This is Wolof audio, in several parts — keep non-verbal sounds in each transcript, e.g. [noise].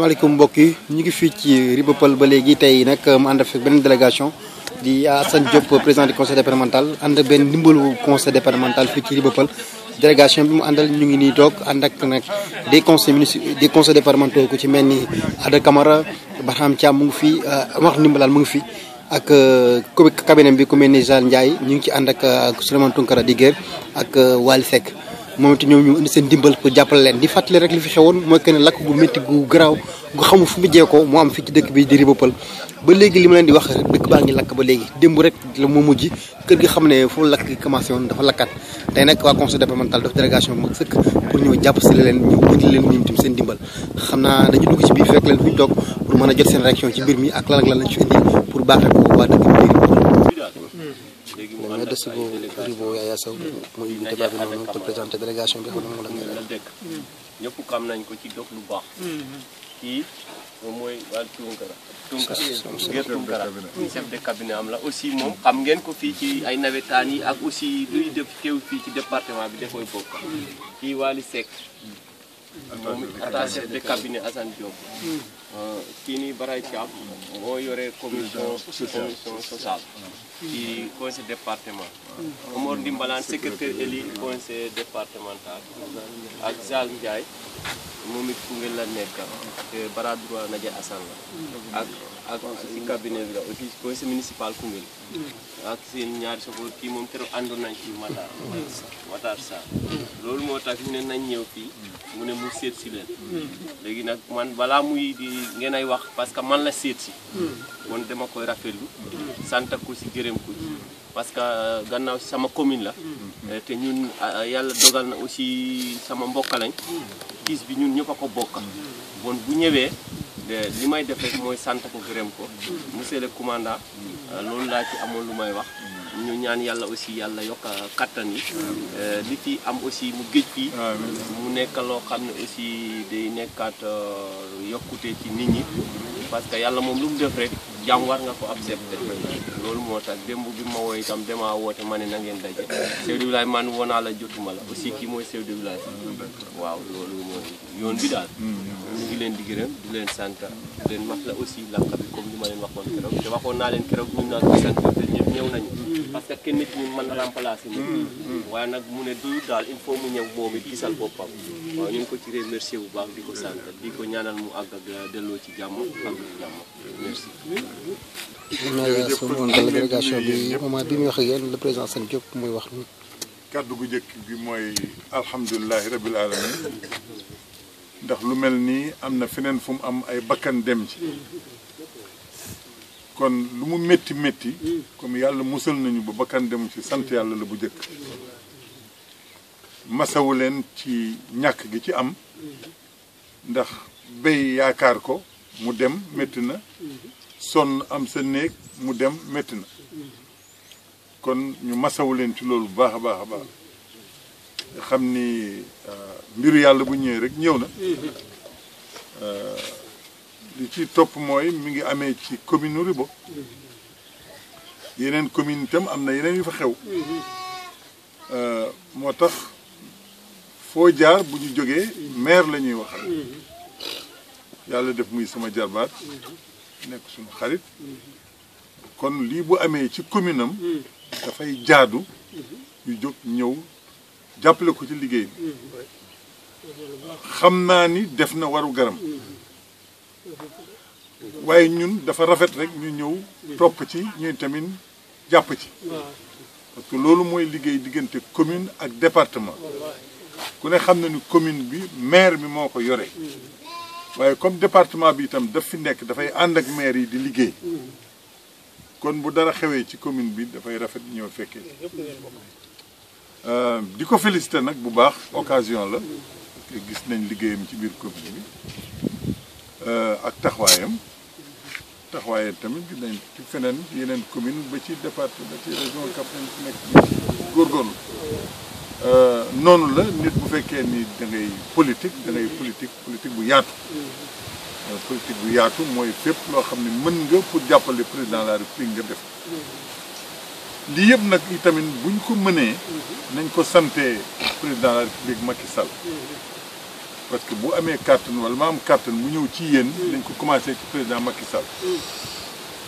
asalaamaaleykum mbokk yi ñu ngi fii ci Ribapal ba léegi tey nag mu um, ànd ak beneen délégation di uh, Assane Diop président du conseil départemental ànd ak benn ndimbalu conseil départemental fii ci Ribapal délégation bi mu àndal ñu ngi nii toog ànd ak nag des conseil municipaux des conseils départementaux ku ci mel ni Ada Camara Barham Thiam mu ngi fi wax uh, ndimbalaal mu ngi fii ak uh, cabinet bi ku mel ni Jean Ndiaye ñu ngi ci ànd ak Souleymane di Diguèr ak Waly Seck moom it ñoom ñu indi seen dimbal pour jàppale leen di fàttali rek li fi xewoon mooy que ne lakk gu métti gu garaaw gu xamul fu mu jeekoo moo am fi ci dëkk bi di Ribo Peul ba léegi li ma leen di wax dëkk baa ngi lakk ba léegi démb rek la mu mujj kër gi xam ne foofu lakk gi commencé woon dafa lakkaat tey nag waa conseil départemental def délégation bu mag sëkk pour ñëw jàpp si leen ñu indi leen ñoom tamit seen dimbal xam naa dañu dugg ci biir fekk leen fu ñu toog a jot seen réaction ci mbir mi ak lan ak lan lañ siku ilivyo ya sababu ndeba bi non te présenter délégation bi xamna mo la ngi dekk ñepp xam nañ ko ci dox lu baax ki moom mooy waa Tunkara Tunkara Gër Tunkara chef de cabinet am la aussi moom xam ngeen ko fii ci ay nawetaan yi ak aussi luy def teew fii ci département bi dafay bokk kii Waly Seck moom attaché de cabinet Assane Diop kii nii Baray Thiam moo yore commission commission sociale ci conseil département Omar Ndimbalaan secrétaire élu conseil départemental ak Zal Ndiaye moom it Koungheul la nekk bras droit Nadia Assane la ak ak si cabinet la aussi conseil municipal Koungheul ak seen ñaari sofoor kii moom keroog àndoon nañ ci Matar Matar Sarr loolu moo tax ñu ne nañ ñëw fii mu ne mu seet si leen léegi nag man balaa muy di ngeen ay wax parce que man la seet si kon hmm. dama koy rafetlu sant ko si gërëm ko ci parce que euh, gannaaw sama commune la mm-hmm. euh, te ñun euh, yàlla dogal na aussi sama mbokk lañ mm-hmm. bi ñun ñëpp a ko bokk mm-hmm. bon bu ñëwee li may def rek mooy sant ko gërëm ko monsieur le commandant loolu laa ci amoon lu may wax ñu ñaan yàlla aussi yàlla yokka kattan yi li ci am aussi mu géej fii ah, mu nekk loo xam ne aussi day nekkaat yokkute ci nit ñi parce que yàlla moom lu mu def rek jàmm war nga ko accepté loolu moo tax démb bi ma woo itam damaa woote ma ne na ngeen daje chef de village man woo naa la jotuma la aussi kii mooy chef de village waaw loolu mooy yoon bi daal hmm. ñu ngi leen di gërëm di leen santa di leen wax la aussi lakka bi comme li ma leen waxoon keroog te waxoon naa leen keroog ñu naan ko sant ñëw nañu parce que kenn nit ñi mën remplacer nit hmm. waaye nag mu ne du daal il faut mu ñëw moom it gisal boppam waaw ñu ngi ko ci remercier bu baax di ko sant di ko ñaanal mu àgg ak delloo ci jàmm ak jàmm merci. suñu woon délégation bi moment bi muy wax ak yéen le président Sane Diop muy wax. kàddu gu njëkk bi mooy alhamdulilahi rabil alamin ndax lu mel nii am na feneen fu mu am ay bakkan dem ci kon lu mu métti métti comme yàlla musal nañu ba bakkan dem ci sant yàlla la bu njëkk masawu leen ci ñàkk gi ci am ndax béy yaakaar ko mu dem métti na sonn am sa néeg mu dem métti na kon ñu masawu leen ci loolu baax a baax a baax xam ni euh, mbiru yàlla bu ñëwee rek ñëw na euh, li ci topp mooy mi ngi amee ci commune Ribo yeneen commune itam am na yeneen yu fa xew euh, moo tax foo jaar bu ñu jógee maire la ñuy waxal yàlla def muy sama jarbaat nekk suñu xarit kon lii bu amee ci commune am dafay jaadu ñu jóg ñëw jàppale ko ci liggéey bi xam naa ni def na waru garam waaye ñun dafa rafet rek ñu ñëw topp ci ñuy tamit jàpp ci parce que loolu mooy liggéey diggante commune ak département ku ne xam na ni commune bi maire bi moo ko yore waaye comme département bi itam daf fi nekk dafay ànd ak maire yi di liggéey kon bu dara xewee ci commune bi dafay rafet ñëw fekkee euh, di ko félicité nag bu baax occasion la gis nañ liggéeyam ci biir commune bi euh, ak taxawaayam taxawaayam tamit gis nañ ci feneen yeneen commune ba ci département ba ci région Kaffrine nekk góorgóorlu Euh, non, la nit bu ni politique politique politique politique bu yatou euh, pour président de la république nga def président de la république Macky parce que si amé carte wala ma carte mu ñew ci yeen dañ ko président Macky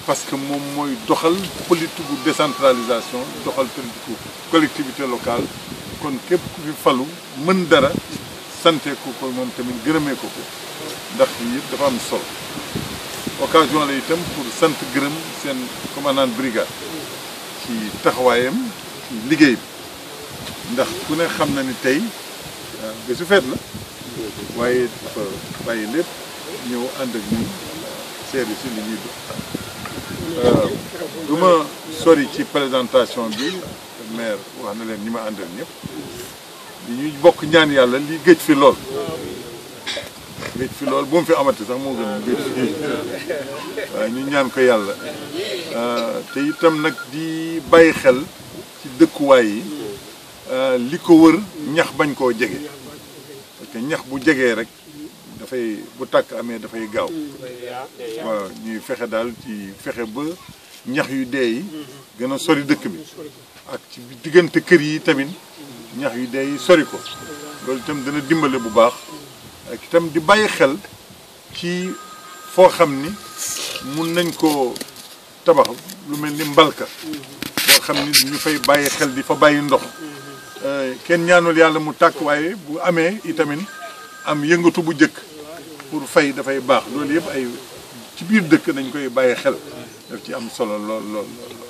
parce que mom moy doxal politique de décentralisation doxal politique collectivité locale kon képp ku falu mën dara sante ko ko moom tamit gërëmee ko ko ndax yëpp dafa am sol occasion la itam pour sant gërëm seen commandant brigade ci taxawaayam ci liggéey bi ndax ku ne xam na ni tey euh, bésu feet la waaye dafa bàyyi lépp ñëw ànd ak ñun seede si li ñuy euh, du ma sori ci présentation bi maire wax na leen ñi ma àndal ñëpp li ñuy bokk ñaan yàlla li géej fi lool géej fi lool bu mu fi amati sax moo gën géej fi waaye ñu ñaan ko yàlla ah, te itam nag di bàyyi xel ci dëkkuwaay yi ah, li ko wër ñax bañ koo jege parce ñax bu jege rek dafay bu tàkk amee dafay gaaw waaw ñuy fexe daal ci fexe ba ñax yu dee yi gën a sori dëkk bi ak ci diggante kër yi tamit ñax yi day sori ko loolu itam dana dimbale bu baax ak itam di bàyyi xel ci foo xam ni mun nañ ko tabax lu mel ni mbalka boo xam ni ñu fay bàyyi xel di fa bàyyi ndox euh, kenn ñaanul yàlla mu tàkk waaye bu amee itamit am yëngatu bu jëkk pour fay dafay baax loolu yëpp ay ci biir dëkk nañ koy bàyyi xel daf ci am solo lool lool lool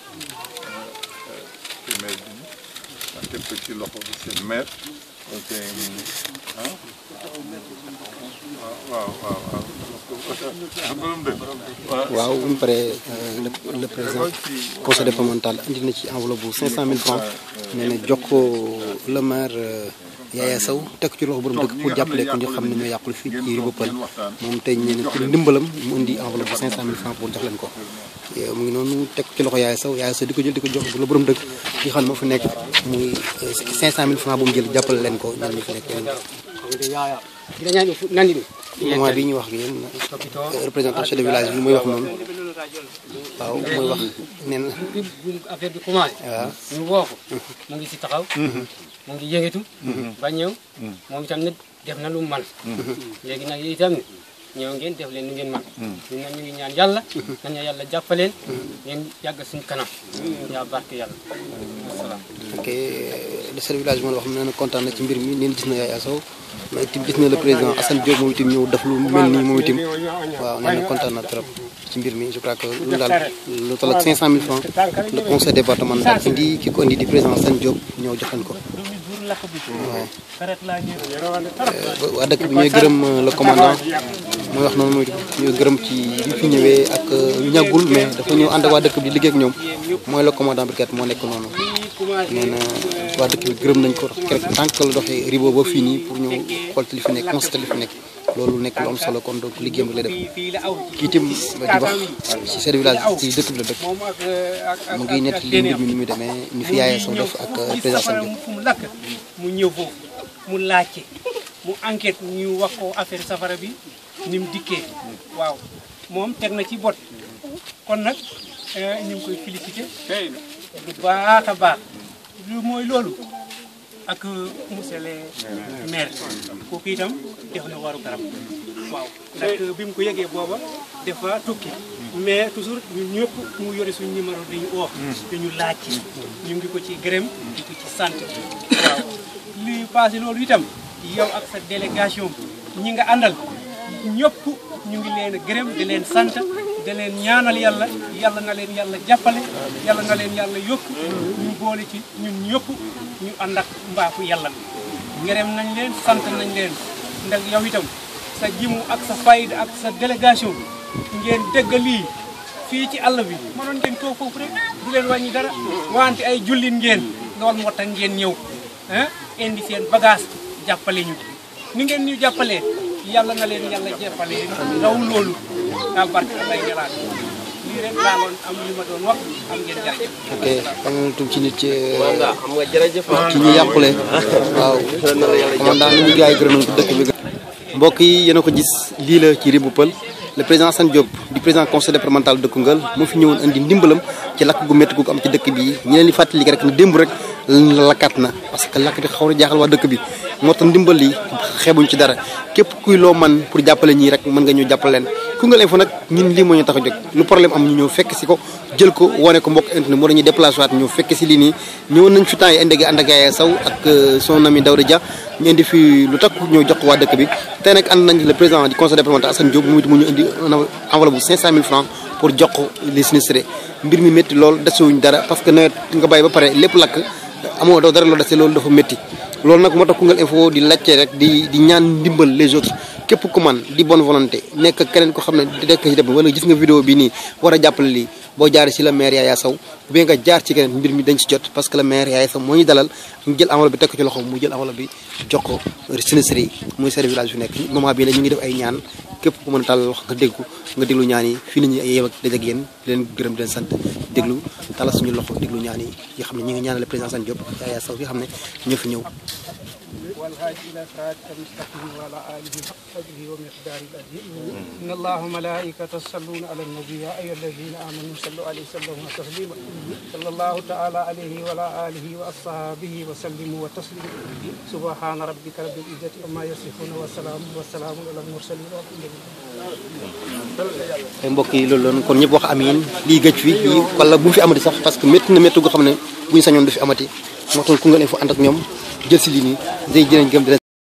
primaire ci loxo seen maire ok ah waaw waaw waaw waaw euh, le président conseil départemental indi na ci enveloppe bu 500000 francs nee na jox ko le maire. Euh, Yaya Sow teg ci loxo borom dëkk pour jàppale ko ñu xam ne ñoo yàqul fii ci Ribo moom tey ñu ci ndimbalam mu indi enveloppe bu 500000 francs pour jox leen ko mu ngi noonu teg ci loxo Yaya Sow Yaya Sow di ko jël di ko jox la borom dëkk ki xam ne moo fi nekk muy 500000 francs bu mu jël jàppale leen ko ñoom ñi fi nekk moment bi ñu wax ak yéen représentant chef de village bi mooy wax moom waaw mooy wax nee na. affaire bi commencé. waaw ñu woo ko. mu ngi ci taxaw. mu ngi yëngatu. ba ñëw. moom itam nag def na lu man léegi nag yooyu itam ñëw ngeen def leen nu ngeen man ñu ne ñu ngi ñaan yàlla. nañu yàlla jàppaleen. ngeen yàgg suñu kanam. yaa barke yàlla. asalaam. ok. le chef de village moo la wax ne na kontaan na ci mbir mi neen gis na Yaya Sow mais itam gis na le président Assane Diop moom itam ñëw def lu mel nii moom itam waaw nee na kontaan na trop ci mbir mi je crois que lu daal lu toll ak 500000 francs le conseil départemental indi ki ko indi di président Assane Diop ñëw joxañ ko Eh, waa dëkk bi ñooy gërëm euh, la commandant mooy wax noonu ñooy gërëm ci bi fi ñëwee ak euh, ñàggul mais dafa ñëw ànd waa dëkk bi di liggéey ak ñoom mooy le commandant brigade moo nekk noonu nee na waa dëkk bi gërëm nañ ko rek tànk la doxee ribo ba fii nii pour ñu xool li fi nekk constaté li fi nekk loolu nekk lu am solo kon donc liggéeyam rek lay def kii itam di wax si seen village si dëkk bi la dëkk mu ngi nett li mbir mi ni muy demee ni fi yaayee soo def ak président Sall mu ñëw foofu mu laajte mu enquête ñu wax ko affaire safara bi ni mu dikkee waaw moom teg na ci bot kon nag eh, ñu ngi koy félicité lu baax a baax lu mooy loolu ak monsieur le maire kooku itam def na waru garab waaw ndax bi mu ko yëgee booba dafa tukki mais toujours ñun ñëpp mu yore suñu numéro dañu oo dañu laaj ci ñu ngi ko ci gërëm di ko ci sant li passé loolu itam yow ak sa délégation ñi nga àndal ñëpp ñu ngi leen a gërëm di leen sant da leen ñaanal yàlla yàlla na leen yàlla jàppale yàlla na leen yàlla yokk ñu boole ci ñun ñëpp ñu ànd ak mbaafu yàlla bi nañ leen sant nañ leen ndax yow itam sa jimu ak sa fayda ak sa délégation ngeen dégg lii fii ci àll bi mënoon ngeen toog foofu rek du leen wàññi dara wante ay jullit ngeen loolu moo tax ngeen ñëw ah indi seen bagage jàppale ñu ni ngeen ñu jàppalee yàlla na am li ci nit ci. waaw euh, ki ñu yàqule. [laughs] waaw man daal ñu gars yi gërëm dëkk bi. mbokk yi yéen a ko gis lii la ci Ribou Peul le président Sane Diop di président conseil départemental de Koungheul moo fi ñëwoon indi ndimbalam ci lakk gu métti gu am ci dëkk bi ñeneen ñi fàttali rek ne démb rek lakkaat na parce que lakk bi xaw na jaaxal waa dëkk bi. moo tax ndimbal li xeebuñ ci dara képp kuy loo man pour jàppale ñii rek mën nga ñu jàppale leen Koungheul Info nag ñun lii moo ñu tax a jóg lu ñu ñëw fekk si ko jël ko wane ko mbokk internet moo dañuy déplacé waat ñëw fekk si lii nii ñëwoon nañ fi temps yi ànd ak ànd ak Yaya Sow ak euh, son ami Daouda Dia ñu indi fi lu takk ñëw jox ko waa dëkk bi te nag and nañ le président du conseil départemental Assane Diop moom it mu ñu indi enveloppe bu 500 000 francs pour jox ko les sinistrés mbir mi métti lool desewuñ dara parce que nawet nga bàyyi ba pare lépp lakk amoo doo dara loo dese loolu dafa métti loolu nag moo tax Koungheul Info di laajte rek di di ñaan ndimbal les autres képp ku man di bon volonté nekk keneen ko xam ne nekk ci def wala gis nga vidéo bi nii war a jàppale lii boo jaaree ci la maire Yaya Sow ou bien nga jaar ci keneen mbir mi dañ ci jot parce que la maire Yaya Sow moo ñu dalal ñu jël enveloppe bi teg ko ci loxoom mu jël enveloppe bi jox ko sinistre yi muy seen yu nekk moment bii la ñu ngi def ay ñaan képp ku mën a tàllal wax nga déggu nga déglu ñaan yi fii la ñu yeew ak daj ak yéen di leen gërëm di sant déglu tàllal suñu loxo déglu ñaan yi yi xam ne ñu ngi ñaanale président Sane Diop Yaya Sow yi xam ne ñoo fi ñëw الغاج إلى صراطك المستقيم وعلى آله وصحبه ومقدار ومقداره إن الله ملائكته يصلون على النبي يا أيها الذين آمنوا صلوا عليه وسلموا تسليما صلى الله تعالى عليه وعلى آله وأصحابه وسلموا وتسليما سبحان ربك رب العزة عما يصفون وسلام وسلام على المرسلين والحمد لله mbokk yi loolu loon kon ñëpp wax amiin lii gëj fi lii wala bu fi amati sax parce que métti na métti goo xam ne bu ñu sañoon ku nga leen fa ànd ak ñoom jël si lii nii day jëriñ gëm di